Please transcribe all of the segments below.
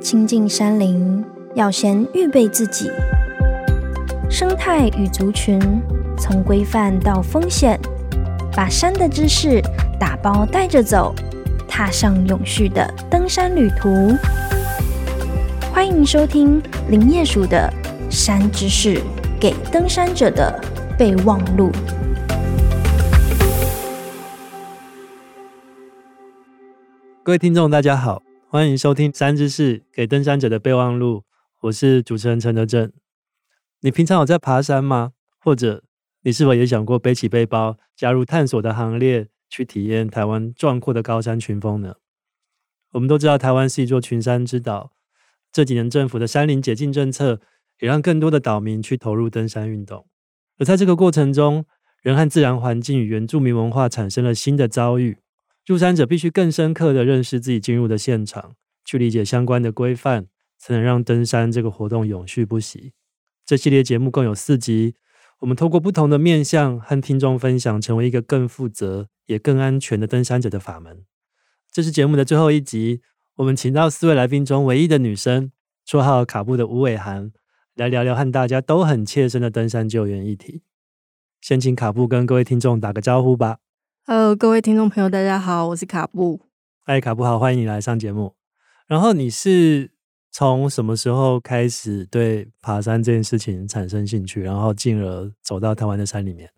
親近山林，要先預備自己。生態與族群，從規範到風險，把山的知識打包帶着走，踏上永續的登山旅途。歡迎收聽林業署的《山知識》給登山者的備忘錄。各位聽眾，大家好。歡迎收聽《山之事》給登山者的備忘錄。我是主持人陳德政。你平常有在爬山嗎？或者你是否也想過背起背包，加入探索的行列，去體驗台灣壯闊的高山群峰呢？我們都知道台灣是一座群山之島。這幾年政府的山林解禁政策，也讓更多的島民去投入登山運動。而在這個過程中，人和自然環境與原住民文化產生了新的遭遇。入山者必須更深刻地認識自己進入的現場，去理解相關的規範，才能讓登山這個活動永續不息。這系列節目共有四集，我們透過不同的面向和聽眾分享，成為一個更負責也更安全的登山者的法門。這是節目的最後一集，我們請到四位來賓中唯一的女生，綽號卡布的吳偉涵，來聊聊和大家都很切身的登山救援議題。先請卡布跟各位聽眾打個招呼吧。Hello，呃、各位聽眾朋友，大家好，我是卡布。哎，卡布好，歡迎你來上節目。然後你是從什麼時候開始對爬山這件事情產生興趣，然後進而走到台灣的山裡面？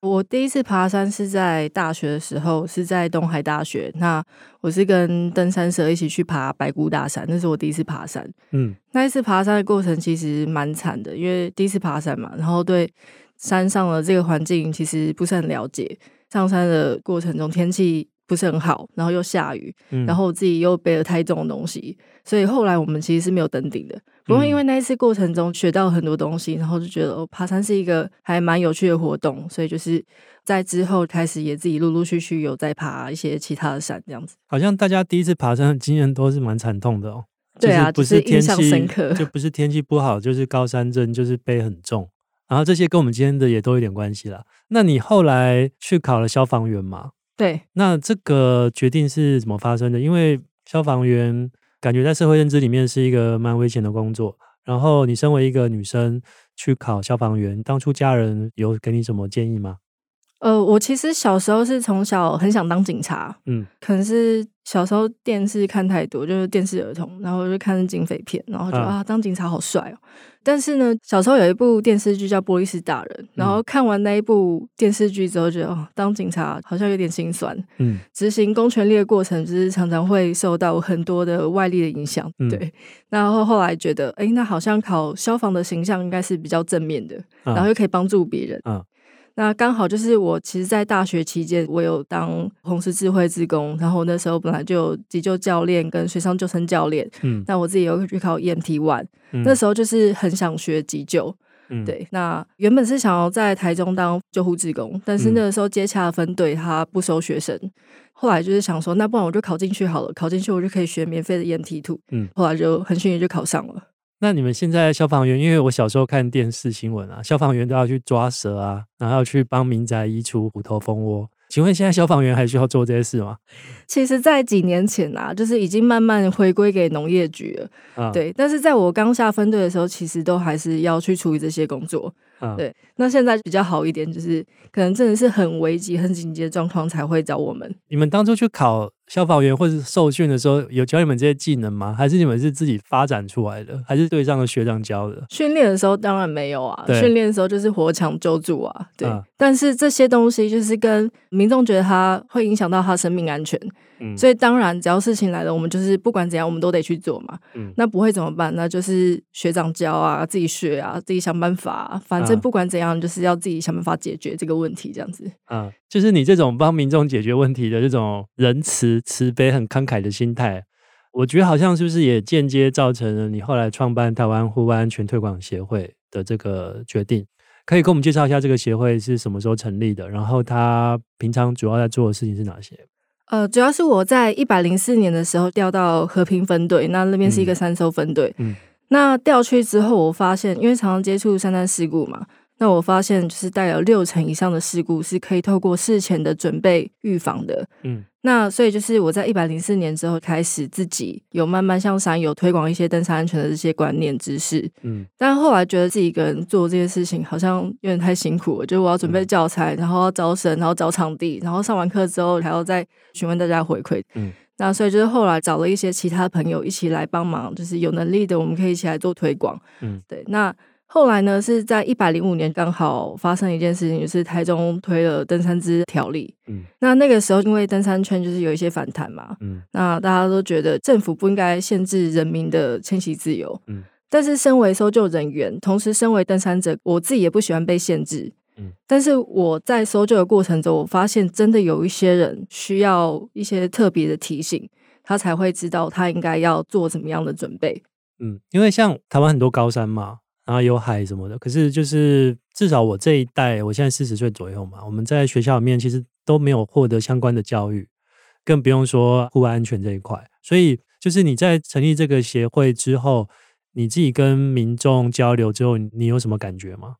我第一次爬山是在大學的時候，是在東海大學。那我是跟登山社一起去爬白姑大山，那是我第一次爬山。嗯，那一次爬山的過程其實蠻慘的，因為第一次爬山嘛，然後對山上的這個環境其實不是很了解。上山的過程中，天氣不是很好，然後又下雨，嗯、然後我自己又背了太重的東西，所以後來我們其實是沒有登頂的。不過因為那一次過程中學到很多東西，嗯、然後就覺得哦，爬山是一個還蠻有趣的活動，所以就是在之後開始也自己陸陸續續,續有在爬一些其他的山這樣子。好像大家第一次爬山經驗都是蠻慘痛的哦。對啊，不是印象深刻，嗯、就不是天氣不好， 就是高山症，就是背很重。然後這些跟我們今天的也都有點關係了。那你後來去考了消防員嗎？對，那這個決定是怎麼發生的？因為消防員感覺在社會認知裡面是一個蠻危險的工作。然後你身為一個女生去考消防員，當初家人有給你什麼建議嗎？呃，我其實小時候是從小很想當警察，嗯，可能是小時候電視看太多，就是電視兒童，然後就看警匪片，然後就啊，啊，當警察好帥哦。但是呢，小時候有一部電視劇叫《波麗士大人》，然後看完那一部電視劇之後，覺得、嗯、哦，當警察好像有點心酸，嗯，執行公權力的過程就是常常會受到很多的外力的影響，嗯、對。然後後來覺得，哎，那好像考消防的形象應該是比較正面的，啊、然後又可以幫助別人，嗯、啊。那剛好就是我，其實，在大學期間，我有當紅十字會志工，然後那時候本來就有急救教練跟水上救生教練。嗯，那我自己有去考 EMT one，嗯，那時候就是很想學急救。嗯，對，那原本是想要在台中當救護志工，嗯，但是那個時候接洽的分隊他不收學生，嗯，後來就是想說，那不然我就考進去好了，考進去我就可以學免費的 EMT two。嗯，後來就很幸運就考上了。那你們現在消防員，因為我小時候看電視新聞啊，消防員都要去抓蛇啊，然後要去幫民宅移除虎頭蜂窩。請問現在消防員還需要做這些事嗎？其實，在幾年前啊，就是已經慢慢回歸給農業局了。啊、嗯，對。但是，在我剛下分隊的時候，其實都還是要去處理這些工作。啊、嗯，對。那現在比較好一點，就是可能真的是很危急、很緊急的狀況才會找我們。你們當初去考？消防員或是受訓的時候有教你們這些技能嗎？還是你們是自己發展出來的？還是對上的學長教的？訓練的時候當然沒有啊。訓練對的時候就是火場救助啊。對，啊、但是這些東西就是跟民眾覺得他會影響到他生命安全，嗯，所以當然只要事情來了，我們就是不管怎樣，我們都得去做嘛。嗯，那不會怎麼辦？那就是學長教啊，自己學啊，自己想辦法、啊。反正不管怎樣，就是要自己想辦法解決這個問題，這樣子。啊，就是你這種幫民眾解決問題的這種仁慈。慈悲、很慷慨的心態，我覺得好像是不是也間接造成了你後來創辦台灣戶外安全推廣協會的這個決定？可以跟我們介紹一下這個協會是什麼時候成立的？然後他平常主要在做的事情是哪些？呃，主要是我在一百零四年的時候調到和平分隊，那那邊是一個山搜分隊，嗯。嗯，那調去之後，我發現因為常常接觸山難事故嘛，那我發現就是帶有六成以上的事故是可以透過事前的準備預防的。嗯。那所以就是我在一百零四年之後開始自己有慢慢向山友推廣一些登山安全的這些觀念知識。嗯，但後來覺得自己一個人做這些事情好像有點太辛苦了，就我要準備教材，嗯、然後要招生，然後找場地，然後上完課之後還要再詢問大家回饋。嗯，那所以就是後來找了一些其他朋友一起來幫忙，就是有能力的我們可以一起來做推廣。嗯，對，那。後來呢，是在一百零五年剛好發生一件事情，就是台中推了登山之條例。嗯，那那個時候因為登山圈就是有一些反彈嘛，嗯，那大家都覺得政府不應該限制人民的遷徙自由。嗯，但是身為搜救人員，同時身為登山者，我自己也不喜歡被限制。嗯，但是我在搜救的過程中，我發現真的有一些人需要一些特別的提醒，他才會知道他應該要做什麼樣的準備。嗯，因為像台灣很多高山嘛。然後有海什麼的，可是就是至少我這一代，我現在四十歲左右嘛，我們在學校裡面其實都沒有獲得相關的教育，更不用說戶外安全這一塊。所以就是你在成立這個協會之後，你自己跟民眾交流之後，你有什麼感覺嗎？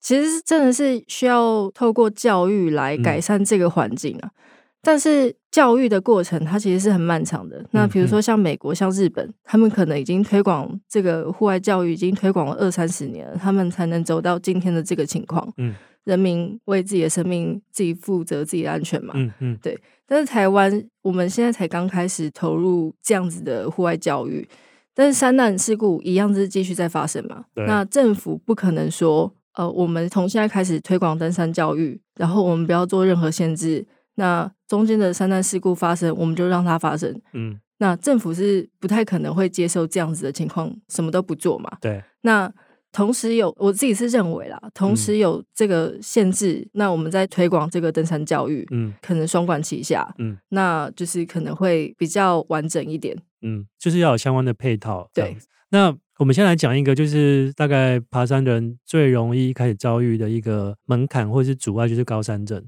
其實真的是需要透過教育來改善這個環境啊。嗯但是教育的過程，它其實是很漫長的。那比如說像美國、嗯、哼像日本，他們可能已經推廣這個戶外教育，已經推廣了二三十年了，他們才能走到今天的這個情況。嗯，人民為自己的生命自己負責，自己，自己的安全嘛。嗯嗯哼，對。但是台灣，我們現在才剛開始投入這樣子的戶外教育，但是山難事故一樣是繼續在發生嘛？對那政府不可能說，呃，我們從現在開始推廣登山教育，然後我們不要做任何限制。那中間的山難事故發生，我們就讓它發生。嗯，那政府是不太可能會接受這樣子的情況，什麼都不做嘛？對。那同時有，我自己是認為啦，同時有這個限制，嗯、那我們在推廣這個登山教育，嗯，可能雙管齊下，嗯，那就是可能會比較完整一點，嗯，就是要有相關的配套。對。那我們先來講一個，就是大概爬山的人最容易開始遭遇的一個門檻或是阻礙，就是高山症。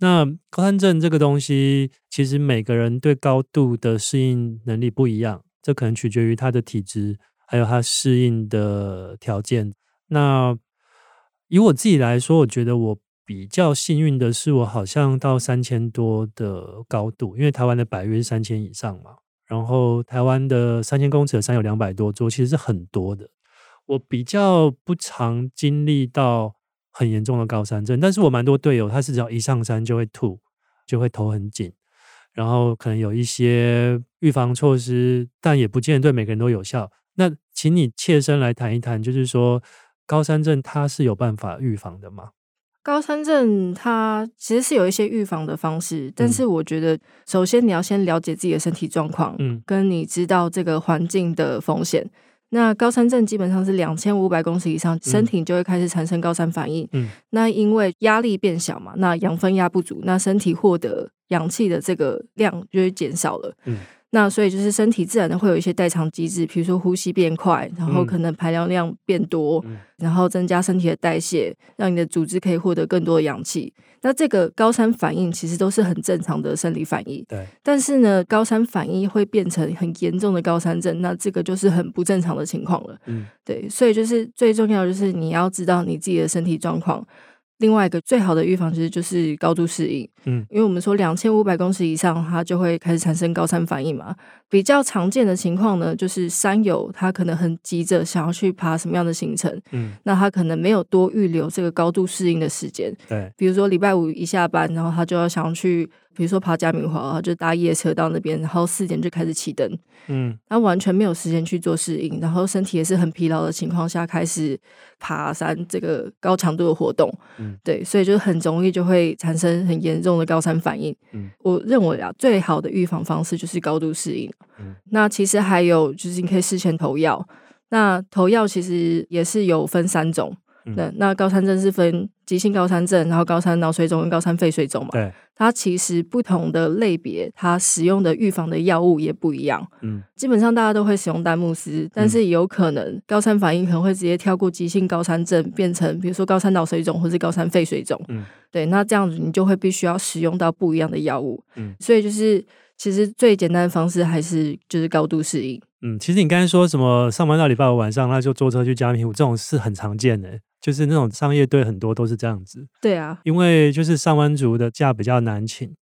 那高山症這個東西，其實每個人對高度的適應能力不一樣，這可能取決於他的體質，還有他適應的條件。那以我自己來說，我覺得我比較幸運的是，我好像到三千多的高度，因為台灣的百岳是三千以上嘛。然後台灣的三千公尺的山有兩百多座，其實是很多的。我比較不常經歷到。很嚴重的高山症，但是我蠻多隊友，他是只要一上山就會吐，就會頭很緊，然後可能有一些預防措施，但也不見得對每個人都有效。那請你切身來談一談，就是說高山症它是有辦法預防的嗎？高山症它其實是有一些預防的方式，但是我覺得首先你要先了解自己的身體狀況，嗯，跟你知道這個環境的風險。那高山症基本上是兩千五百公尺以上，身體就會開始產生高山反應。嗯，那因為壓力變小嘛，那氧分壓不足，那身體獲得氧氣的這個量就會減少了。嗯。那所以就是身體自然的會有一些代償機制，比如說呼吸變快，然後可能排尿量、量變多，嗯。然後增加身體的代謝，讓你的組織可以獲得更多的氧氣。那這個高山反應其實都是很正常的生理反應。對。但是呢，高山反應會變成很嚴重的高山症，那這個就是很不正常的情況了。嗯。對，所以就是最重要的就是你要知道你自己的身體狀況。另外一個最好的預防其實就是高度適應，嗯，因為我們說兩千五百公尺以上，它就會開始產生高山反應嘛。比較常見的情況呢，就是山友他可能很急着想要去爬什麼樣的行程，嗯，那他可能沒有多預留這個高度適應的時間，對，比如說禮拜五一下班，然後他就要想要去。比如說爬嘉明湖，就搭夜車到那邊，然後四點就開始起登，嗯，他、啊、完全沒有時間去做適應，然後身體也是很疲勞的情況下開始爬山這個高強度的活動，嗯，對，所以就很容易就會產生很嚴重的高山反應。嗯、我認為啊，最好的預防方式就是高度適應。嗯，那其實還有就是你可以事前投藥，那投藥其實也是有分三種。那、嗯、那高山症是分急性高山症，然後高山腦水腫跟高山肺水腫嘛？對，它其實不同的類別，它使用的預防的藥物也不一樣。嗯，基本上大家都會使用丹木斯，但是有可能高山反應可能會直接跳過急性高山症，變成比如說高山腦水腫或是高山肺水腫。嗯，對，那這樣子你就會必須要使用到不一樣的藥物。嗯，所以就是其實最簡單的方式還是就是高度適應。嗯，其實你剛才說什麼上班到禮拜五晚上，那就坐車去嘉明湖，這種是很常見的、欸。就是那種商業隊很多都是這樣子，對啊，因為就是上班族的假比較難請，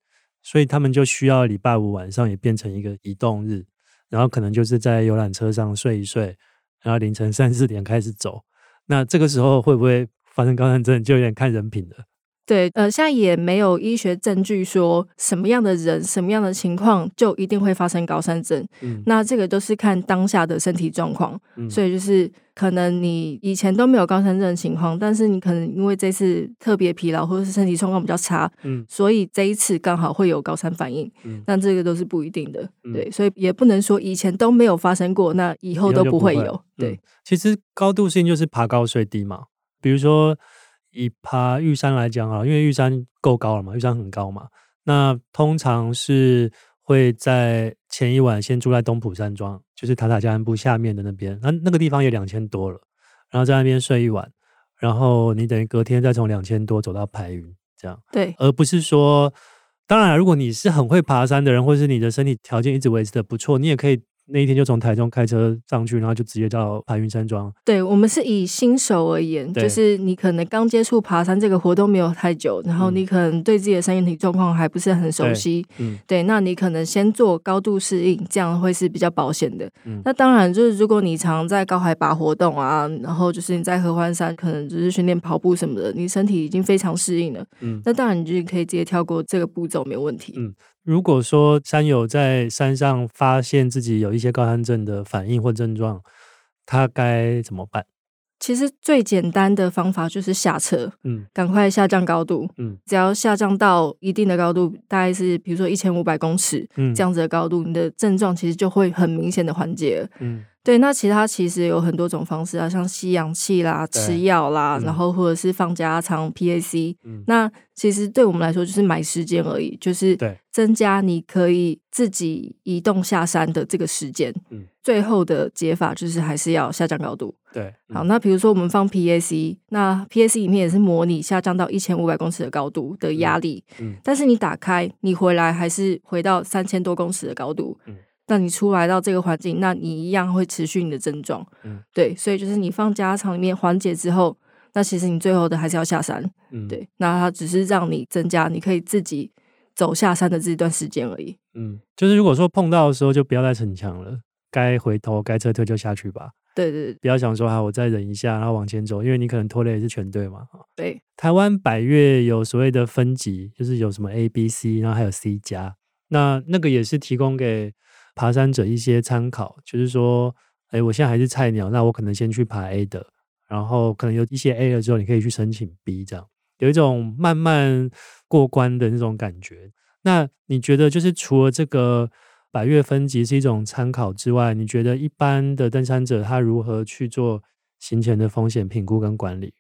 所以他們就需要禮拜五晚上也變成一個移動日，然後可能就是在遊覽車上睡一睡，然後凌晨三四點開始走。那這個時候會不會發生高山症，就有點看人品了。對，呃，現在也沒有醫學證據說什麼樣的人，什麼樣的情況就一定會發生高山症。嗯，那這個都是看當下的身體狀況。嗯，所以就是可能你以前都沒有高山症的情況，但是你可能因為這次特別疲勞或者是身體狀況比較差，嗯，所以這一次剛好會有高山反應。嗯，但這個都是不一定的。嗯，對，所以也不能說以前都沒有發生過，那以後都不會有。會啊，對，嗯，其實高度性就是爬高睡低嘛，比如說。以爬玉山來講啊，因為玉山夠高了嘛，玉山很高嘛，那通常是會在前一晚先住在東埔山莊，就是塔塔加鞍部下面的那邊，那那個地方也兩千多了，然後在那邊睡一晚，然後你等於隔天再從兩千多走到排雲，這樣。對，而不是說，當然，如果你是很會爬山的人，或是你的身體條件一直維持的不錯，你也可以。那一天就從台中開車上去，然後就直接到排雲山莊。對，我們是以新手而言，對就是你可能剛接觸爬山這個活動沒有太久，然後你可能對自己的身體狀況還不是很熟悉。對，嗯、對，那你可能先做高度適應，這樣會是比較保險的。嗯、那當然，就是如果你常在高海拔活動啊，然後就是你在合歡山可能就是訓練跑步什麼的，你身體已經非常適應了。嗯，那當然你就可以直接跳過這個步驟，沒有問題。嗯。如果說山友在山上發現自己有一些高山症的反應或症狀，他該怎麼辦？其實最簡單的方法就是下撤，嗯，趕快下降高度，嗯，只要下降到一定的高度，大概是比如說一千五百公尺這樣子的高度，嗯，你的症狀其實就會很明顯的緩解，嗯。對，那其他其實有很多種方式啊，像吸氧氣啦、吃對藥啦，嗯、然後或者是放加壓艙 PAC、嗯。那其實對我們來說就是買時間而已，就是增加你可以自己移動下山的這個時間。嗯、最後的解法就是還是要下降高度。對，嗯、好，那比如說我們放 PAC，那 PAC 裡面也是模擬下降到一千五百公尺的高度的壓力，嗯，嗯但是你打開，你回來還是回到三千多公尺的高度。嗯。那你出來到這個環境，那你一樣會持續你的症狀，嗯，對，所以就是你放家長裡面緩解之後，那其實你最後的還是要下山，嗯，對，那它只是讓你增加你可以自己走下山的這一段時間而已，嗯，就是如果說碰到的時候就不要再逞強了，該回頭該撤退就下去吧，對對對，不要想說啊我再忍一下然後往前走，因為你可能拖累也是全隊嘛，對。台灣百岳有所謂的分級，就是有什麼 A、B、C，然後還有 C 加，那那個也是提供給爬山者一些參考，就是說，哎，我現在還是菜鳥，那我可能先去爬 A 的，然後可能有一些 A 了之後，你可以去申請 B，這樣有一種慢慢過關的那種感覺。那你覺得，就是除了這個百岳分級是一種參考之外，你覺得一般的登山者他如何去做行前的風險評估跟管理？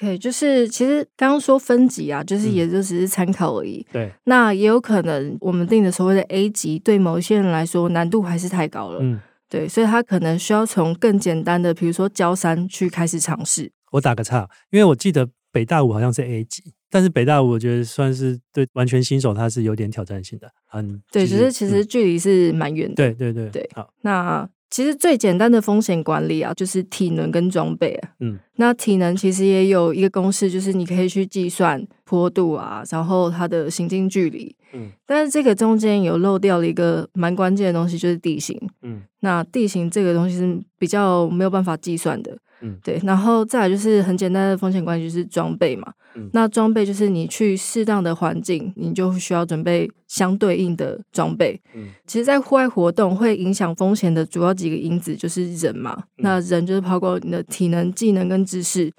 以，okay, 就是其實剛剛說分級啊，就是也就只是參考而已。嗯、對，那也有可能我們定的所謂的 A 級，對某一些人來說難度還是太高了。嗯，對，所以他可能需要從更簡單的，比如說郊山去開始嘗試。我打個岔，因為我記得北大武好像是 A 級，但是北大武我覺得算是對完全新手，他是有點挑戰性的。嗯，對，只是其,實、嗯、其實距離是蠻遠的。對對對對，對對對對好，那。其實最簡單的風險管理啊，就是體能跟裝備啊。嗯，那體能其實也有一個公式，就是你可以去計算坡度啊，然後它的行進距離。嗯，但是這個中間有漏掉了一個蠻關鍵的東西，就是地形。嗯，那地形這個東西是比較沒有辦法計算的，嗯，對，然後再來就是很簡單的風險關係，就是裝備嘛，嗯，那裝備就是你去適當的環境，你就需要準備相對應的裝備，嗯，其實，在戶外活動會影響風險的主要幾個因子就是人嘛，嗯，那人就是包括你的體能、技能跟知識。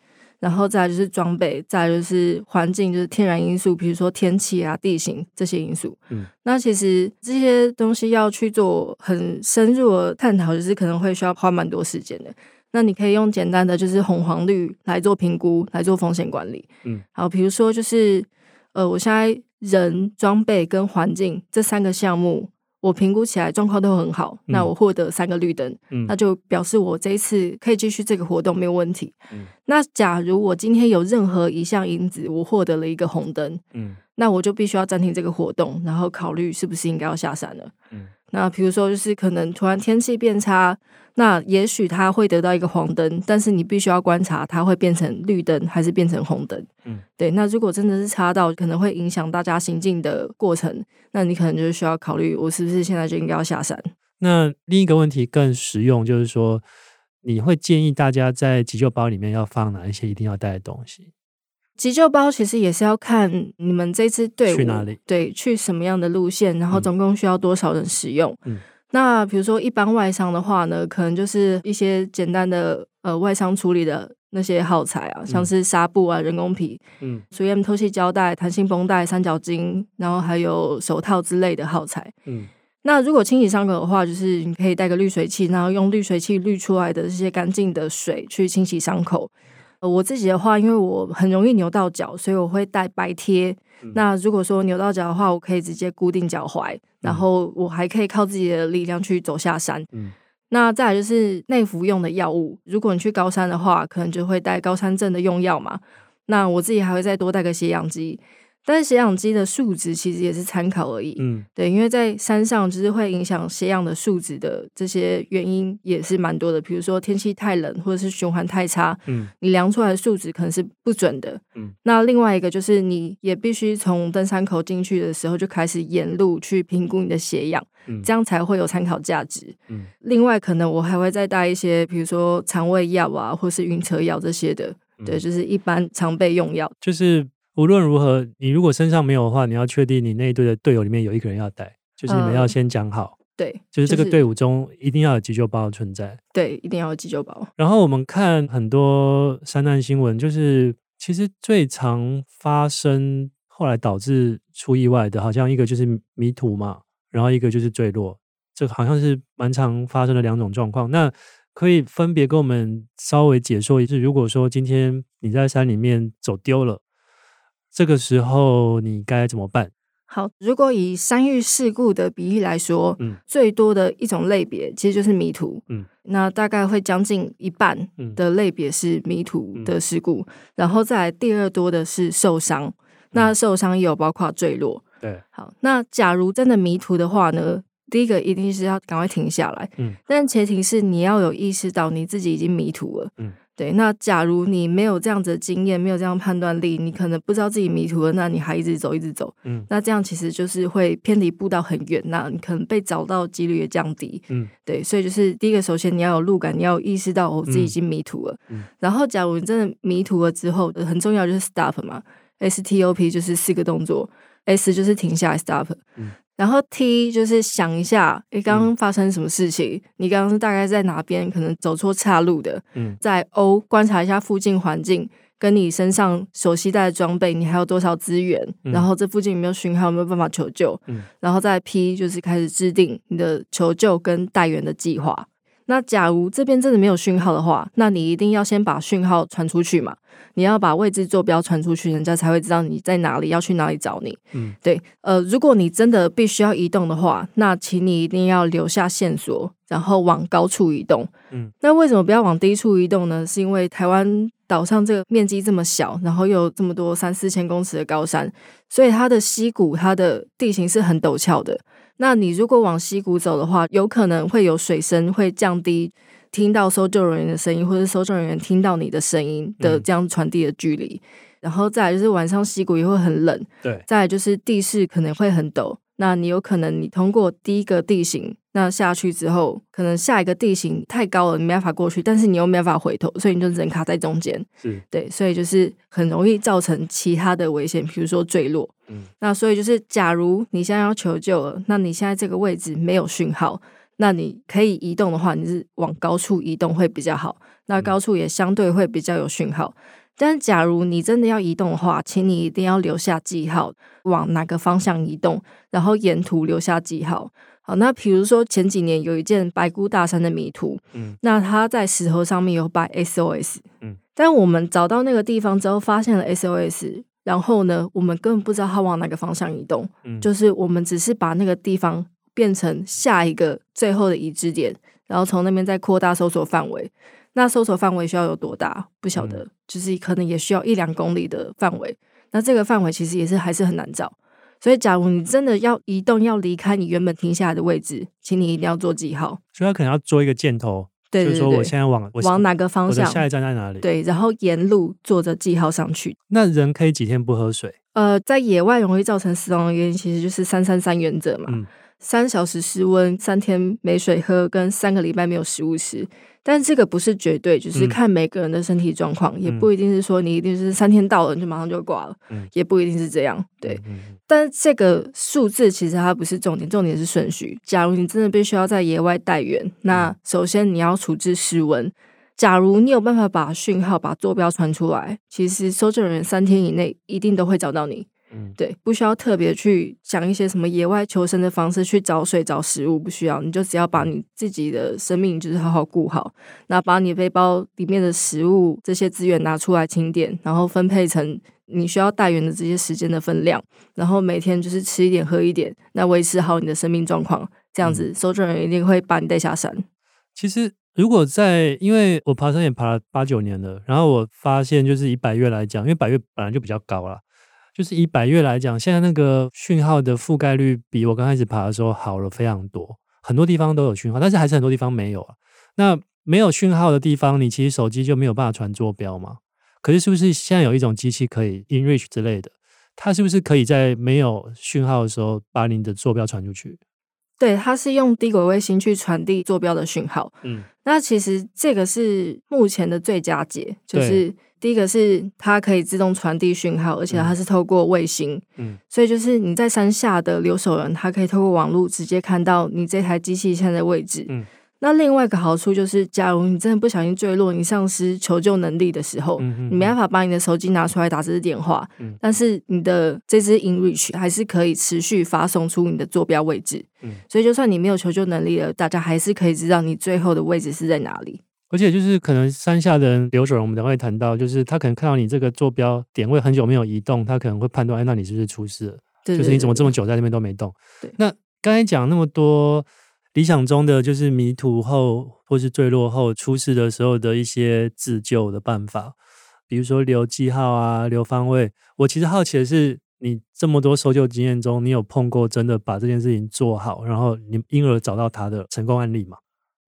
然後再就是裝備，再就是環境，就是天然因素，比如說天氣啊、地形這些因素。嗯，那其實這些東西要去做很深入的探討，就是可能會需要花蠻多時間的。那你可以用簡單的，就是紅黃綠來做評估，來做風險管理。嗯，好，比如說就是呃，我現在人、裝備跟環境這三個項目，我評估起來狀況都很好，那我獲得三個綠燈，嗯，那就表示我這一次可以繼續這個活動沒有問題。嗯，那假如我今天有任何一項因子，我獲得了一個紅燈，嗯，那我就必須要暫停這個活動，然後考慮是不是應該要下山了。嗯。那比如說，就是可能突然天氣變差，那也許它會得到一個黃燈，但是你必須要觀察它會變成綠燈還是變成紅燈。嗯，對。那如果真的是差到可能會影響大家行進的過程，那你可能就需要考慮，我是不是現在就應該要下山？那另一個問題更實用，就是說，你會建議大家在急救包裡面要放哪一些一定要帶的東西？急救包其實也是要看你們這支隊伍去哪裡？對，去什麼樣的路線，然後總共需要多少人使用。嗯、那比如說一般外傷的話呢，可能就是一些簡單的呃外傷處理的那些耗材啊，像是紗布啊、人工皮、嗯、雙面透氣膠帶、彈性繃帶、三角巾，然後還有手套之類的耗材。嗯，那如果清洗傷口的話，就是你可以帶個濾水器，然後用濾水器濾出來的這些乾淨的水去清洗傷口。我自己的話，因為我很容易扭到腳，所以我會帶白貼。嗯、那如果說扭到腳的話，我可以直接固定腳踝，嗯、然後我還可以靠自己的力量去走下山。嗯、那再來就是內服用的藥物，如果你去高山的話，可能就會帶高山症的用藥嘛。那我自己還會再多帶個血氧機。但是血氧機的數值其實也是參考而已，嗯，對，因為在山上就是會影響血氧的數值的這些原因也是蠻多的，比如說天氣太冷或者是循環太差，嗯，你量出來的數值可能是不準的，嗯，那另外一個就是你也必須從登山口進去的時候就開始沿路去評估你的血氧，嗯，這樣才會有參考價值，嗯，另外可能我還會再帶一些，比如說腸胃藥啊，或者是暈車藥這些的，嗯、對，就是一般常備用藥，就是。無論如何，你如果身上沒有的話，你要確定你那一隊的隊友裡面有一個人要帶，就是你們要先講好，嗯、對，就是、就是這個隊伍中一定要有急救包存在，對，一定要有急救包。然後我們看很多山難新聞，就是其實最常發生後來導致出意外的，好像一個就是迷途嘛，然後一個就是墜落，這好像是蠻常發生的兩種狀況。那可以分別跟我們稍微解說一次？就是、如果說今天你在山裡面走丟了，這個時候你該怎麼辦？好，如果以山域事故的比例來說，嗯，最多的一種類別其實就是迷途，嗯，那大概會將近一半的類別是迷途的事故，嗯嗯、然後再來第二多的是受傷，嗯、那受傷也有包括墜落，嗯、對，好，那假如真的迷途的話呢，第一個一定是要趕快停下來，嗯，但前提是你要有意識到你自己已經迷途了，嗯。對，那假如你沒有這樣子的經驗，沒有這樣的判斷力，你可能不知道自己迷途了，那你還一直走，一直走，嗯，那這樣其實就是會偏離步道很遠，那你可能被找到的幾率也降低，嗯，對，所以就是第一個，首先你要有路感，你要意識到我自己已經迷途了，嗯，嗯，然後假如你真的迷途了之後，很重要就是 stop 嘛，S T O P 就是四個動作，S 就是停下來，stop，嗯。然後 T 就是想一下，誒，剛剛發生什麼事情？嗯、你剛剛是大概在哪邊？可能走錯岔路的，在、嗯、O 觀察一下附近環境，跟你身上所攜帶的裝備，你還有多少資源？嗯、然後這附近有沒有信號？有沒有辦法求救？嗯、然後再 P 就是開始制定你的求救跟待援的計劃。嗯那假如這邊真的沒有訊號的話，那你一定要先把訊號傳出去嘛。你要把位置坐標傳出去，人家才會知道你在哪裡，要去哪裡找你。嗯，對。呃，如果你真的必須要移動的話，那請你一定要留下線索，然後往高處移動。嗯，那為什麼不要往低處移動呢？是因為台灣島上這個面積這麼小，然後又有這麼多三四千公尺的高山，所以它的溪谷、它的地形是很陡峭的。那你如果往溪谷走的話，有可能會有水聲會降低聽到搜救人員的聲音，或者搜救人員聽到你的聲音的這樣傳遞的距離。嗯、然後再來就是晚上溪谷也會很冷，對，再來就是地勢可能會很陡。那你有可能你通過第一個地形，那下去之後，可能下一個地形太高了，你沒辦法過去，但是你又沒辦法回頭，所以你就只能卡在中間。是對，所以就是很容易造成其他的危險，比如說墜落。嗯，那所以就是，假如你現在要求救了，那你現在這個位置沒有訊號，那你可以移動的話，你是往高處移動會比較好，那高處也相對會比較有訊號。嗯但假如你真的要移動的話，請你一定要留下記號，往哪個方向移動，然後沿途留下記號。好，那比如說前幾年有一件白姑大山的迷途，嗯，那他在石頭上面有擺 SOS，嗯，但我們找到那個地方之後，發現了 SOS，然後呢，我們根本不知道它往哪個方向移動，嗯，就是我們只是把那個地方變成下一個最後的已知點，然後從那邊再擴大搜索範圍。那搜索範圍需要有多大？不曉得，嗯、就是可能也需要一兩公里的範圍。那這個範圍其實也是還是很難找。所以，假如你真的要移動，要離開你原本停下來的位置，請你一定要做記號。所以，他可能要做一個箭頭，對，對，對，對，就說我現在往往哪個方向，下一站在哪裡？對，然後沿路做着記號上去。那人可以幾天不喝水？呃，在野外容易造成死亡的原因，其實就是三三三原則嘛。嗯三小時失溫，三天沒水喝，跟三個禮拜沒有食物吃，但是這個不是絕對，就是看每個人的身體狀況，嗯、也不一定是說你一定是三天到了你就馬上就掛了，嗯、也不一定是這樣，對。嗯嗯、但是這個數字其實它不是重點，重點是順序。假如你真的必須要在野外待援，嗯、那首先你要處置失溫。假如你有辦法把訊號、把坐標傳出來，其實搜救人員三天以內一定都會找到你。嗯、對，不需要特別去想一些什麼野外求生的方式去找水找食物，不需要，你就只要把你自己的生命就是好好顧好，那把你背包裡面的食物這些資源拿出來清點，然後分配成你需要待援的這些時間的分量，然後每天就是吃一點喝一點，那維持好你的生命狀況，這樣子搜救人員一定會把你帶下山。嗯、其實，如果在因為我爬山也爬了八九年了，然後我發現就是以百岳來講，因為百岳本來就比較高了。就是以百岳來講，現在那個訊號的覆蓋率比我剛開始爬的時候好了非常多，很多地方都有訊號，但是還是很多地方沒有啊。那沒有訊號的地方，你其實手機就沒有辦法傳坐標嘛。可是，是不是現在有一種機器可以 inReach 之類的？它是不是可以在沒有訊號的時候把你的坐標傳出去？對，它是用低軌衛星去傳遞坐標的訊號。嗯，那其實這個是目前的最佳解，就是。第一個是它可以自動傳遞訊號，而且它是透過衛星，嗯，嗯，所以就是你在山下的留守人，他可以透過網絡直接看到你這台機器現在位置，嗯，那另外一個好處就是，假如你真的不小心墜落，你喪失求救能力的時候，嗯嗯嗯，你沒辦法把你的手機拿出來打這支電話，嗯，嗯，但是你的這支 inReach 還是可以持續發送出你的坐標位置，嗯，所以就算你沒有求救能力了，大家還是可以知道你最後的位置是在哪裡。而且就是可能山下的人留守人，我們等會談到，就是他可能看到你這個坐標點位很久沒有移動，他可能會判斷，哎、欸，那你是不是出事了？對對對對，就是你怎麼這麼久在那邊都沒動？對。那剛才講那麼多理想中的，就是迷途後或是墜落後出事的時候的一些自救的辦法，比如說留記號啊、留方位。我其實好奇的是，你這麼多搜救經驗中，你有碰過真的把這件事情做好，然後你因而找到他的成功案例嗎？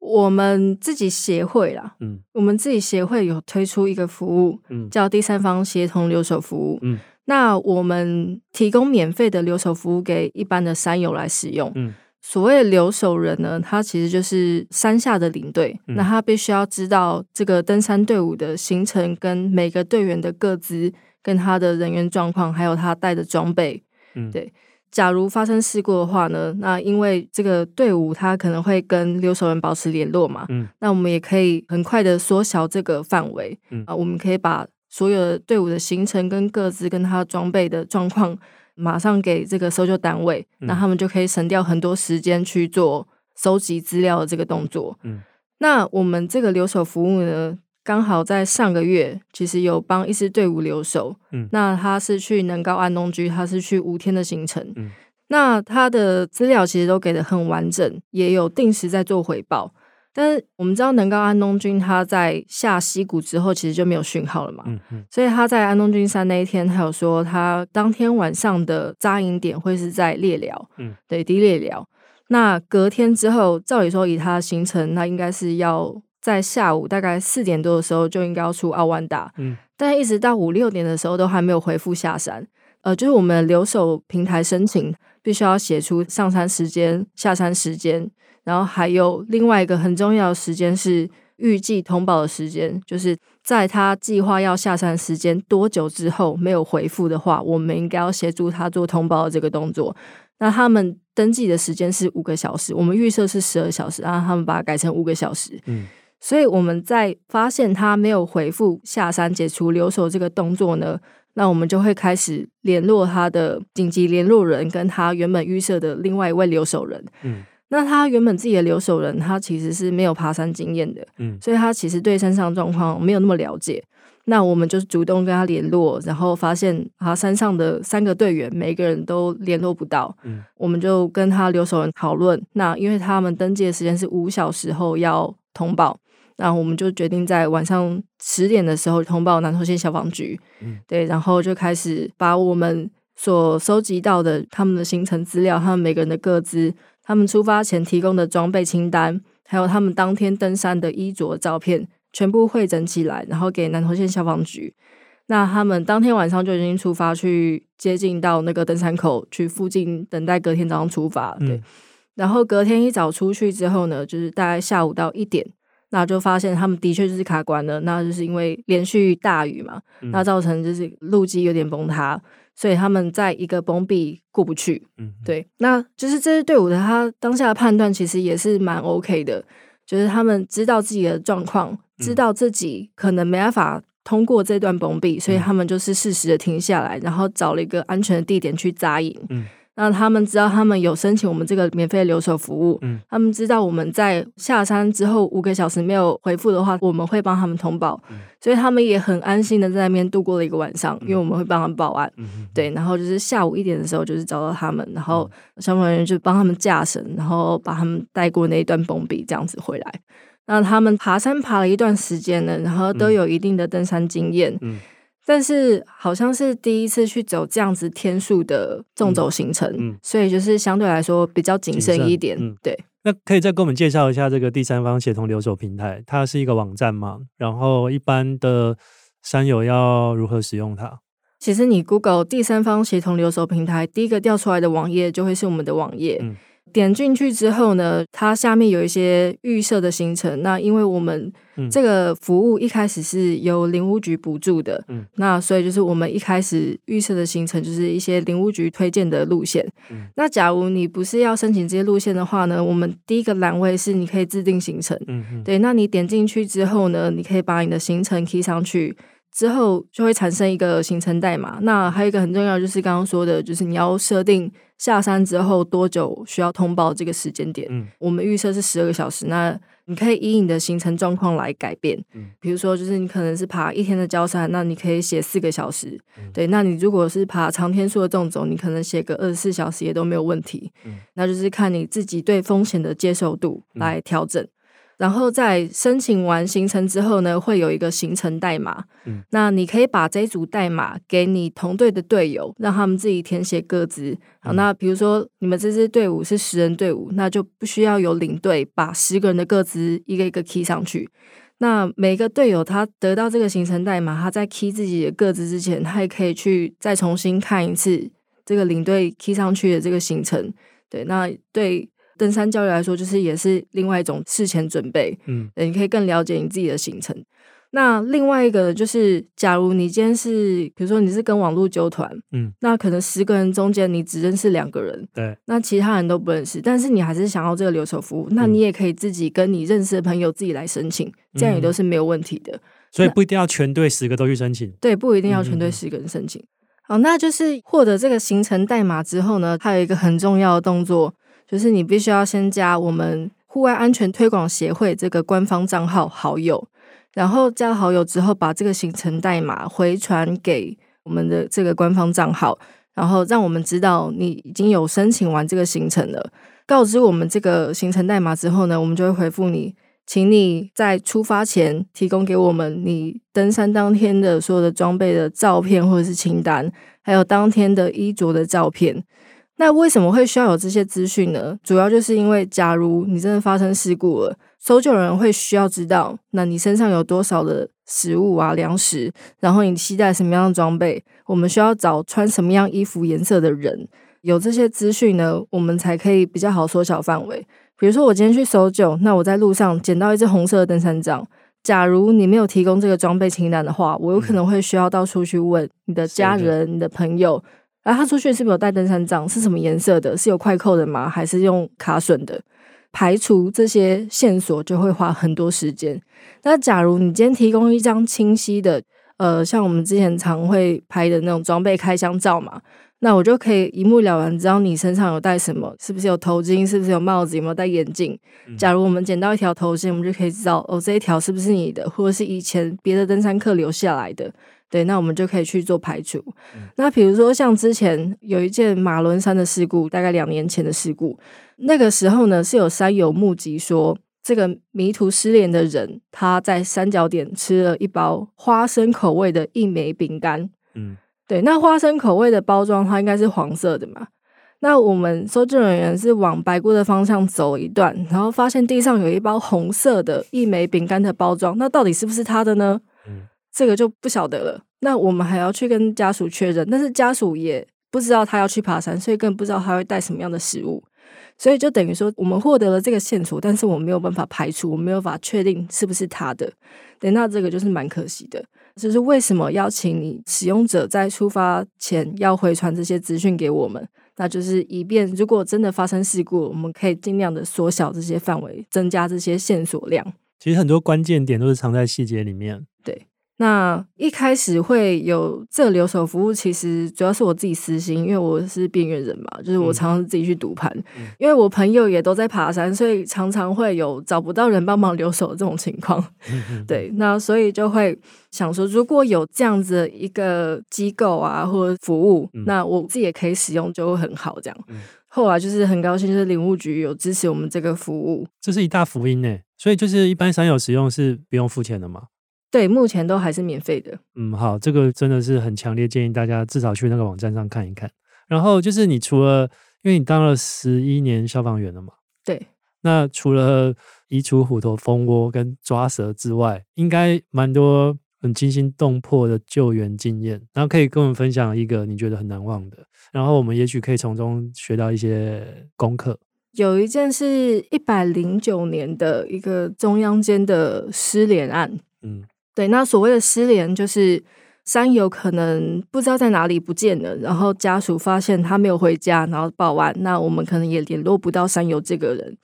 我們自己協會啦，嗯，我們自己協會有推出一個服務，嗯，叫第三方協同留守服務，嗯，那我們提供免費的留守服務給一般的山友來使用，嗯，所謂留守人呢，他其實就是山下的領隊，嗯，那他必須要知道這個登山隊伍的行程跟每個隊員的個資跟他的人員狀況，還有他帶的裝備，嗯，對。假如發生事故的話呢，那因為這個隊伍他可能會跟留守人保持聯絡嘛，嗯，那我們也可以很快的縮小這個範圍，嗯啊，我們可以把所有的隊伍的行程跟個資跟他裝備的狀況，馬上給這個搜救單位，嗯、那他們就可以省掉很多時間去做收集資料的這個動作，嗯，那我們這個留守服務呢？剛好在上個月，其實有幫一支隊伍留守。嗯，那他是去能高安東軍，他是去五天的行程。嗯，那他的資料其實都給的很完整，也有定時在做回報。但是我們知道能高安東軍他在下溪谷之後，其實就沒有訊號了嘛。嗯嗯哼，所以他在安東軍山那一天，他有說他當天晚上的扎營點會是在獵寮。嗯，對，低獵寮。那隔天之後，照理說以他的行程，那應該是要。在下午大概四點多的時候就應該要出奧萬大，嗯，但一直到五六點的時候都還沒有回復下山。呃，就是我們留守平台申請必須要寫出上山時間、下山時間，然後還有另外一個很重要的時間是預計通報的時間，就是在他計劃要下山時間多久之後沒有回復的話，我們應該要協助他做通報的這個動作。那他們登記的時間是五個小時，我們預設是十二小時，然後他們把它改成五個小時，嗯所以我們在發現他沒有回復下山解除留守這個動作呢，那我們就會開始聯絡他的緊急聯絡人，跟他原本預設的另外一位留守人。嗯，那他原本自己的留守人，他其實是沒有爬山經驗的。嗯，所以他其實對山上的狀況沒有那麼了解。那我們就主動跟他聯絡，然後發現他山上的三個隊員每個人都聯絡不到。嗯，我們就跟他留守人討論，那因為他們登記的時間是五小時後要通報。然後我們就決定在晚上十點的時候通報南投縣消防局，嗯、對，然後就開始把我們所收集到的他們的行程資料、他們每個人的個資，他們出發前提供的裝備清單，還有他們當天登山的衣着照片，全部彙整起來，然後給南投縣消防局。那他們當天晚上就已經出發去接近到那個登山口，去附近等待隔天早上出發。嗯、對，然後隔天一早出去之後呢，就是大概下午到一點。那就發現他們的確就是卡關了，那就是因為連續大雨嘛，嗯、那造成就是路基有點崩塌，所以他們在一個崩壁過不去。嗯哼，對，那就是這支隊伍的他當下的判斷其實也是蠻 OK 的，就是他們知道自己的狀況，知道自己可能沒辦法通過這段崩壁，所以他們就是適時的停下來，然後找了一個安全的地點去扎營。嗯。那他們知道，他們有申請我們這個免費留守服務。嗯、他們知道我們在下山之後五個小時沒有回復的話，我們會幫他們通報。嗯、所以他們也很安心的在那邊度過了一個晚上，嗯、因為我們會幫他們報案。嗯、哼對，然後就是下午一點的時候，就是找到他們，然後消防員就幫他們架繩，然後把他們帶過那一段崩壁這樣子回來。那他們爬山爬了一段時間呢，然後都有一定的登山經驗。嗯嗯但是好像是第一次去走這樣子天數的縱走行程，嗯嗯、所以就是相對來說比較謹慎一點。嗯、對，那可以再給我們介紹一下這個第三方協同留守平台，它是一個網站嘛，然後一般的山友要如何使用它？其實你 Google 第三方協同留守平台，第一個調出來的網頁就會是我們的網頁。嗯點進去之後呢，它下面有一些預設的行程。那因為我們這個服務一開始是由林務局補助的，嗯、那所以就是我們一開始預設的行程就是一些林務局推薦的路線。嗯、那假如你不是要申請這些路線的話呢，我們第一個欄位是你可以制定行程。嗯嗯、對，那你點進去之後呢，你可以把你的行程提上去。之後就會產生一個行程代碼。那還有一個很重要，就是剛剛說的，就是你要設定下山之後多久需要通報這個時間點。嗯，我們預設是十二個小時。那你可以以你的行程狀況來改變。嗯，比如說，就是你可能是爬一天的郊山，那你可以寫四個小時。嗯，對，那你如果是爬長天數的縱走，你可能寫個二十四小時也都沒有問題。嗯，那就是看你自己對風險的接受度來調整。嗯然後在申請完行程之後呢，會有一個行程代碼。嗯，那你可以把這一組代碼給你同隊的隊友，讓他們自己填寫個資。好，那比如說你們這支隊伍是十人隊伍，那就不需要有領隊把十個人的個資一個一個 key 上去。那每個隊友他得到這個行程代碼，他在 key 自己的個資之前，他也可以去再重新看一次這個領隊 key 上去的這個行程。對，那對。登山教育來說，就是也是另外一種事前準備。嗯、欸，你可以更了解你自己的行程。那另外一個就是，假如你今天是，比如說你是跟網絡揪團，嗯，那可能十個人中間你只認識兩個人，對，那其他人都不認識，但是你還是想要這個留守服務，嗯、那你也可以自己跟你認識的朋友自己來申請，這樣也都是沒有問題的。嗯、那所以不一定要全隊十個都去申請，對，不一定要全隊十個人申請。嗯嗯嗯好，那就是獲得這個行程代碼之後呢，還有一個很重要的動作。就是你必須要先加我們戶外安全推廣協會這個官方賬號好友，然後加好友之後，把這個行程代碼回傳給我們的這個官方賬號，然後讓我們知道你已經有申請完這個行程了。告知我們這個行程代碼之後呢，我們就會回復你，請你在出發前提供給我們你登山當天的所有的裝備的照片或者是清單，還有當天的衣着的照片。那為什麼會需要有這些資訊呢？主要就是因為，假如你真的發生事故了，搜救人會需要知道，那你身上有多少的食物啊、糧食，然後你攜帶什麼樣的裝備，我們需要找穿什麼樣衣服顏色的人。有這些資訊呢，我們才可以比較好縮小範圍。比如說，我今天去搜救，那我在路上撿到一支紅色的登山杖。假如你沒有提供這個裝備清單的話，我有可能會需要到處去問你的家人、嗯、你的朋友。然後他出去是不是有帶登山杖？是什麼顏色的？是有快扣的嗎？還是用卡榫的？排除這些線索就會花很多時間。那假如你今天提供一張清晰的，呃，像我們之前常會拍的那種裝備開箱照嘛，那我就可以一目了然知道你身上有帶什麼，是不是有頭巾，是不是有帽子，有沒有戴眼鏡？嗯、假如我們撿到一條頭巾，我們就可以知道哦，這一條是不是你的，或者是以前別的登山客留下來的。對，那我們就可以去做排除。嗯、那比如說，像之前有一件馬崙山的事故，大概兩年前的事故，那個時候呢是有山友目擊說，這個迷途失聯的人他在三角點吃了一包花生口味的義美餅乾。嗯，對，那花生口味的包裝它應該是黃色的嘛？那我們搜救人員是往白鍋的方向走一段，然後發現地上有一包紅色的義美餅乾的包裝，那到底是不是他的呢？這個就不曉得了。那我們還要去跟家屬確認，但是家屬也不知道他要去爬山，所以更不知道他會帶什麼樣的食物。所以就等於說，我們獲得了這個線索，但是我們沒有辦法排除，我沒有法確定是不是他的。等那這個就是蠻可惜的。就是為什麼要請你使用者在出發前要回傳這些資訊給我們？那就是以便如果真的發生事故，我們可以盡量的縮小這些範圍，增加這些線索量。其實很多關鍵點都是藏在細節裡面。那一開始會有這留守服務，其實主要是我自己私心，因為我是邊緣人嘛，就是我常常自己去獨攀，嗯嗯、因為我朋友也都在爬山，所以常常會有找不到人幫忙留守的這種情況。嗯嗯、對，那所以就會想說，如果有這樣子的一個機構啊，或服務，嗯、那我自己也可以使用，就會很好這樣。嗯嗯、後來就是很高興，就是林務局有支持我們這個服務，這是一大福音呢。所以就是一般山友使用是不用付錢的嘛？對，目前都還是免費的。嗯，好，這個真的是很強烈建議大家至少去那個網站上看一看。然後就是，你除了因為你當了十一年消防員了嘛，對，那除了移除虎頭蜂窩跟抓蛇之外，應該蠻多很驚心動魄的救援經驗。然後可以跟我們分享一個你覺得很難忘的，然後我們也許可以從中學到一些功課。有一件是一百零九年的一個中央尖的失聯案，嗯。對，那所謂的失聯就是山友可能不知道在哪裡不見了，然後家屬發現他沒有回家，然後報案。那我們可能也聯絡不到山友這個人。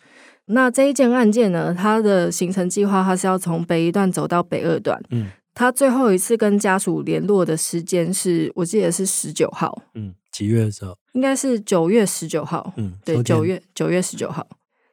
那這一件案件呢，他的行程計劃，他是要從北一段走到北二段。嗯，他最後一次跟家屬聯絡的時間是我記得是十九號。嗯，幾月的時候？應該是九月十九號。嗯，對，九月九月十九號。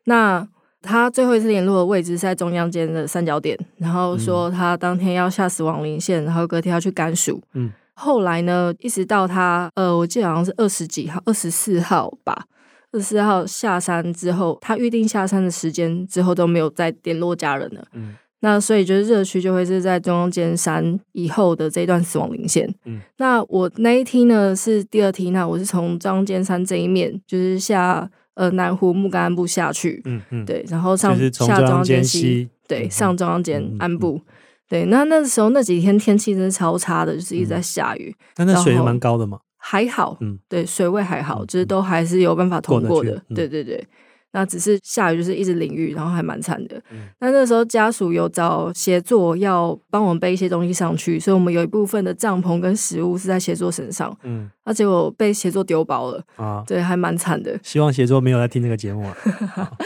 那他最後一次聯絡的位置是在中央尖的三角點，然後說他當天要下死亡稜線，然後隔天要去甘薯。嗯，後來呢，一直到他呃，我記得好像是二十幾號，二十四號吧，二十四號下山之後，他預定下山的時間之後都沒有再聯絡家人了。嗯，那所以就是熱區就會是在中央尖山以後的這一段死亡稜線。嗯，那我那一梯呢是第二梯，那我是從中央尖山這一面就是下。呃，南湖木杆鞍部下去，嗯嗯，對，然後上下中央尖溪，對，上中央尖鞍部，對，那那時候那幾天天氣真是超差的，就是一直在下雨，那那水還蠻高的嘛，還好，對，水位還好，就是都還是有辦法通過的，對對對。那只是下雨，就是一直淋雨，然後還蠻慘的。嗯、那那時候家屬有找協作要幫我們背一些東西上去，所以我們有一部分的帳篷跟食物是在協作身上。嗯，那結果被協作丟包了啊，對，還蠻慘的。希望協作沒有來聽這個節目。啊。 好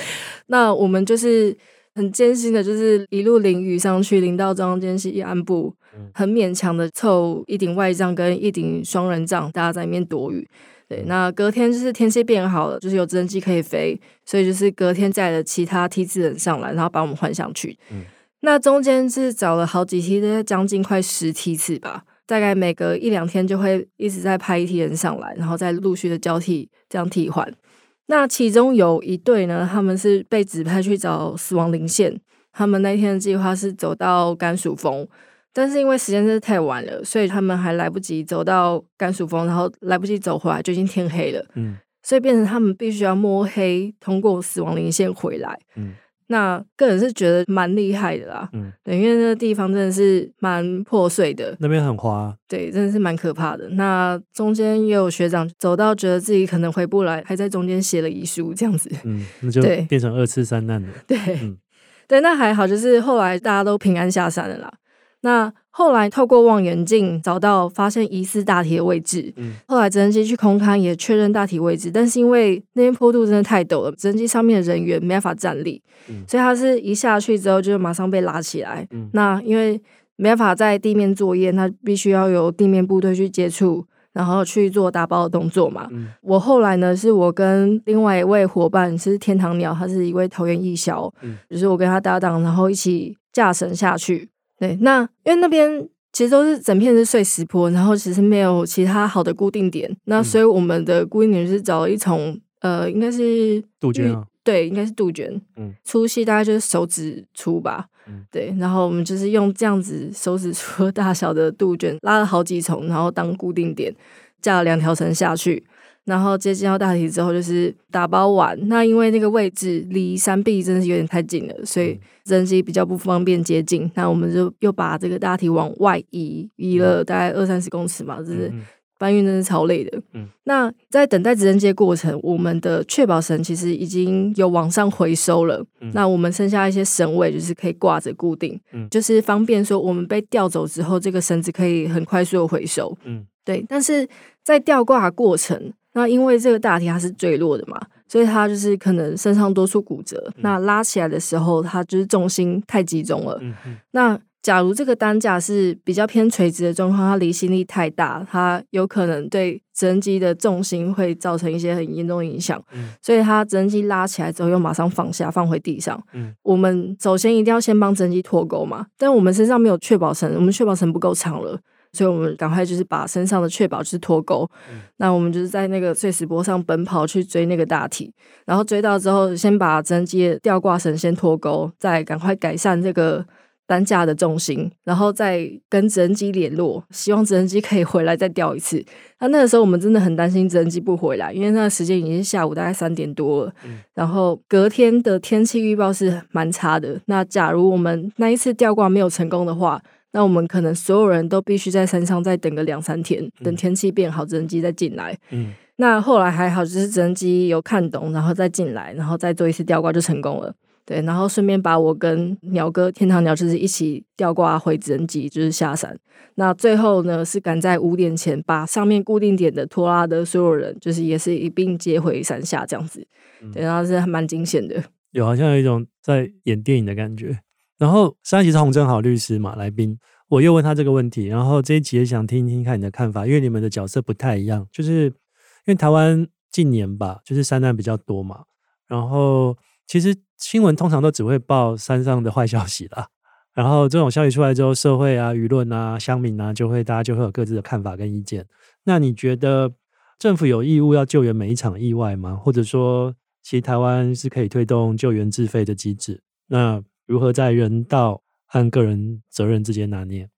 那我們就是很艱辛的，就是一路淋雨上去，淋到中間是一鞍部，嗯、很勉強的湊一頂外帳跟一頂雙人帳，大家在裡面躲雨。對，那隔天就是天氣變好了，就是有直升機可以飛，所以就是隔天載了其他梯次人上來，然後把我們換上去。嗯。那中間是找了好幾梯，將近快十梯次吧，大概每隔一兩天就會一直在派一梯人上來，然後再陸續的交替這樣替換。那其中有一隊呢，他們是被指派去找死亡零線，他們那天的計劃是走到甘薯峰。但是因為時間真的太晚了，所以他們還來不及走到甘薯峰，然後來不及走回來，就已經天黑了。嗯，所以變成他們必須要摸黑通過死亡稜線回來。嗯，那個人是覺得蠻厲害的啦。嗯，對，因為那個地方真的是蠻破碎的。那邊很滑。對，真的是蠻可怕的。那中間也有學長走到覺得自己可能回不來，還在中間寫了遺書這樣子。嗯，那就對，變成二次山難了。對，嗯、對，對，那還好，就是後來大家都平安下山了啦。那後來透過望遠鏡找到，發現疑似大體的位置，嗯、後來直升機去空勘也確認大體位置，但是因為那邊坡度真的太陡了，直升機上面的人員沒法站立，嗯、所以他是一下去之後就馬上被拉起來。嗯、那因為沒法在地面作業，那必須要由地面部隊去接觸，然後去做打包的動作嘛。嗯、我後來呢，是我跟另外一位夥伴，就是天堂鳥，他是一位桃園義消。嗯、就是我跟他搭檔，然後一起架繩下去。對，那因為那邊其實都是整片是碎石坡，然後其實沒有其他好的固定點，那所以我們的固定點就是找了一叢，呃，應該是杜鵑，啊，對，應該是杜鵑，嗯，粗細大概就是手指粗吧，嗯，對，然後我們就是用這樣子手指粗大小的杜鵑拉了好幾叢，然後當固定點，架了兩條繩下去。然後接近到大體之後，就是打包完。那因為那個位置離山壁真的是有點太近了，所以直升機比較不方便接近。那我們就又把這個大體往外移，移了大概二三十公尺嘛，就是搬運真的是超累的。嗯嗯、那在等待直升機的過程，我們的確保繩其實已經有往上回收了。嗯、那我們剩下一些繩尾就是可以掛着固定，嗯、就是方便說我們被吊走之後，這個繩子可以很快速的回收。嗯，對。但是在吊掛的過程。那因為這個大體它是墜落的嘛，所以它就是可能身上多處骨折。那拉起來的時候，它就是重心太集中了。嗯、哼那假如這個擔架是比較偏垂直的狀況，它離心力太大，它有可能對直升機的重心會造成一些很嚴重的影響。嗯、所以它直升機拉起來之後，又馬上放下放回地上。嗯、我們首先一定要先幫直升機脫鈎嘛，但我們身上沒有確保繩，我們確保繩不夠長了。所以我們趕快就是把身上的確保是脫鈎，嗯、那我們就是在那個碎石坡上奔跑去追那個大體，然後追到之後先把直升機的吊掛繩先脫鈎，再趕快改善這個擔架的重心，然後再跟直升機聯絡，希望直升機可以回來再吊一次。那那個時候我們真的很擔心直升機不回來，因為那個時間已經下午大概三點多了，嗯、然後隔天的天氣預報是蠻差的。那假如我們那一次吊掛沒有成功的話，那我們可能所有人都必須在山上再等個兩三天，等天氣變好，直升機再進來。嗯，那後來還好，就是直升機有看懂，然後再進來，然後再做一次吊掛就成功了。對，然後順便把我跟鳥哥、天堂鳥就是一起吊掛回直升機，就是下山。那最後呢，是趕在五點前把上面固定點的拖拉的所有人，就是也是一併接回山下這樣子。嗯、對，然後是還蠻驚險的。有好像有一種在演電影的感覺。然後上一集是洪正豪律師嘛，來賓，我又問他這個問題，然後這一集也想聽一聽看你的看法，因為你們的角色不太一樣，就是因為台灣近年吧，就是山難比較多嘛，然後其實新聞通常都只會報山上的壞消息啦，然後這種消息出來之後，社會啊、輿論啊、鄉民啊，就會大家就會有各自的看法跟意見。那你覺得政府有義務要救援每一場意外嗎？或者說，其實台灣是可以推動救援自費的機制？那如何在人道和個人責任之間拿捏？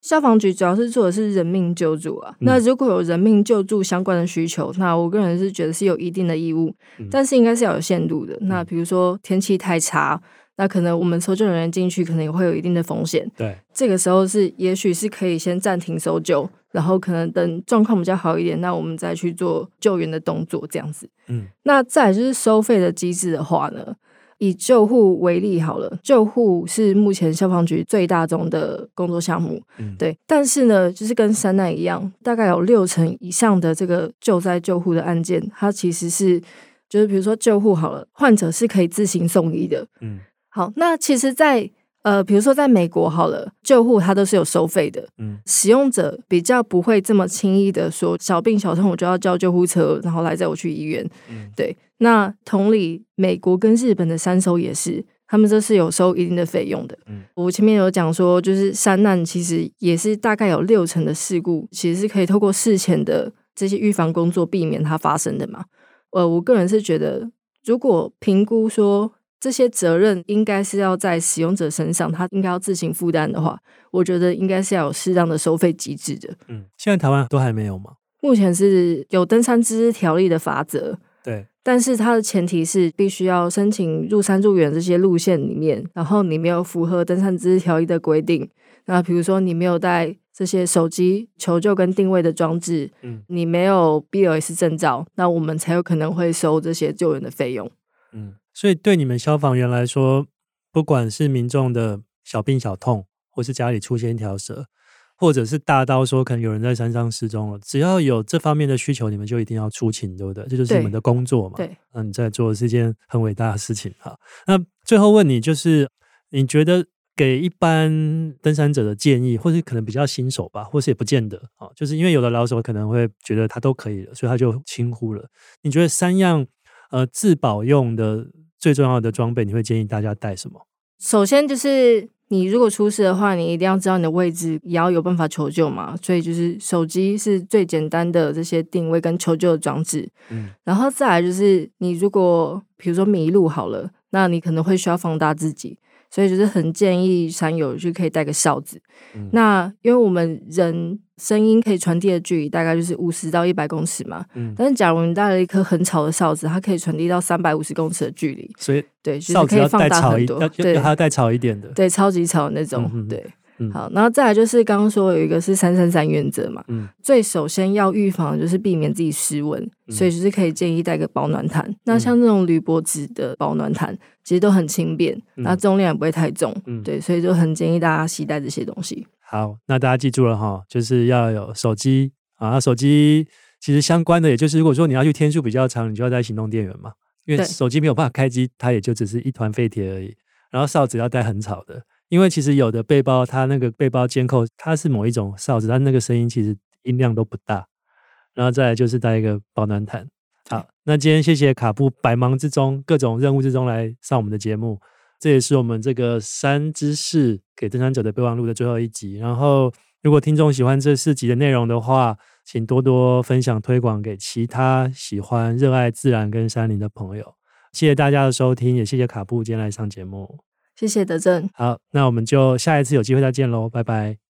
消防局主要是做的是人命救助啊。嗯、那如果有人命救助相關的需求，那我個人是覺得是有一定的義務，嗯、但是應該是要有限度的。嗯、那比如說天氣太差，嗯、那可能我們搜救人員進去可能也會有一定的風險。對，這個時候是也許是可以先暫停搜救，然後可能等狀況比較好一點，那我們再去做救援的動作這樣子。嗯，那再就是收費的機制的話呢？以救護為例好了，救護是目前消防局最大宗的工作項目，嗯，對。但是呢，就是跟山難一樣，大概有六成以上的這個救災救護的案件，它其實是就是比如說救護好了，患者是可以自行送醫的，嗯。好，那其實，在呃，比如說在美國好了，救護它都是有收費的，嗯，使用者比較不會這麼輕易的說小病小痛我就要叫救護車，然後來載我去醫院，嗯，對。那同理，美國跟日本的山搜也是，他們都是有收一定的費用的。嗯，我前面有講說，就是山難其實也是大概有六成的事故，其實是可以透過事前的這些預防工作避免它發生的嘛。呃，我個人是覺得，如果評估說，這些責任應該是要在使用者身上，他應該要自行負擔的話，我覺得應該是要有適當的收費機制的。嗯，現在台灣都還沒有嗎？目前是有登山自治條例的法則，對。但是它的前提是必須要申請入山入園這些路線裡面，然後你沒有符合登山自治條例的規定，那比如說你沒有帶這些手機求救跟定位的裝置，嗯，你沒有 BLS 證照，那我們才有可能會收這些救援的費用，嗯。所以，對你們消防員來說，不管是民眾的小病小痛，或是家裡出現一條蛇，或者是大到說可能有人在山上失蹤了，只要有這方面的需求，你們就一定要出勤，對不對？這就是你們的工作嘛。對，那你在做的是一件很偉大的事情哈。那最後問你，就是你覺得給一般登山者的建議，或是可能比較新手吧，或是也不見得啊，就是因為有的老手可能會覺得他都可以了，所以他就輕忽了。你覺得三樣呃自保用的？最重要的裝備，你會建議大家帶什麼？首先就是，你如果出事的話，你一定要知道你的位置，也要有辦法求救嘛。所以就是手機是最簡單的這些定位跟求救的裝置。嗯，然後再來就是，你如果比如說迷路好了，那你可能會需要放大自己。所以就是很建議山友就可以帶個哨子，嗯、那因為我們人聲音可以傳遞的距離大概就是五十到一百公尺嘛，嗯、但是假如你帶了一顆很吵的哨子，它可以傳遞到三百五十公尺的距離。所以對，就是、可以放大很多。對，哨子要帶吵一點，要，它帶吵一點的對，對，超級吵的那種，嗯、哼對。嗯、好，然後再來就是剛剛說有一個是三三三原則嘛，嗯、最首先要預防的就是避免自己失溫，嗯、所以就是可以建議帶個保暖毯。嗯、那像這種鋁箔紙的保暖毯，嗯、其實都很輕便，那，嗯、重量也不會太重，嗯、對，所以就很建議大家攜帶這些東西。好，那大家記住了哈，就是要有手機啊，手機其實相關的，也就是如果說你要去天數比較長，你就要帶行動電源嘛，因為手機沒有辦法開機，它也就只是一團廢鐵而已。然後哨子要帶很吵的。因為其實有的背包，它那個背包肩扣，它是某一種哨子，但那個聲音其實音量都不大。然後再來就是帶一個保暖毯。好，那今天謝謝卡布百忙之中各種任務之中來上我們的節目，這也是我們這個《山知識給登山者的備忘錄》的最後一集。然後，如果聽眾喜歡這四集的內容的話，請多多分享推廣給其他喜歡熱愛自然跟山林的朋友。謝謝大家的收聽，也謝謝卡布今天來上節目。謝謝德政。好，那我們就下一次有機會再見嘍，拜拜。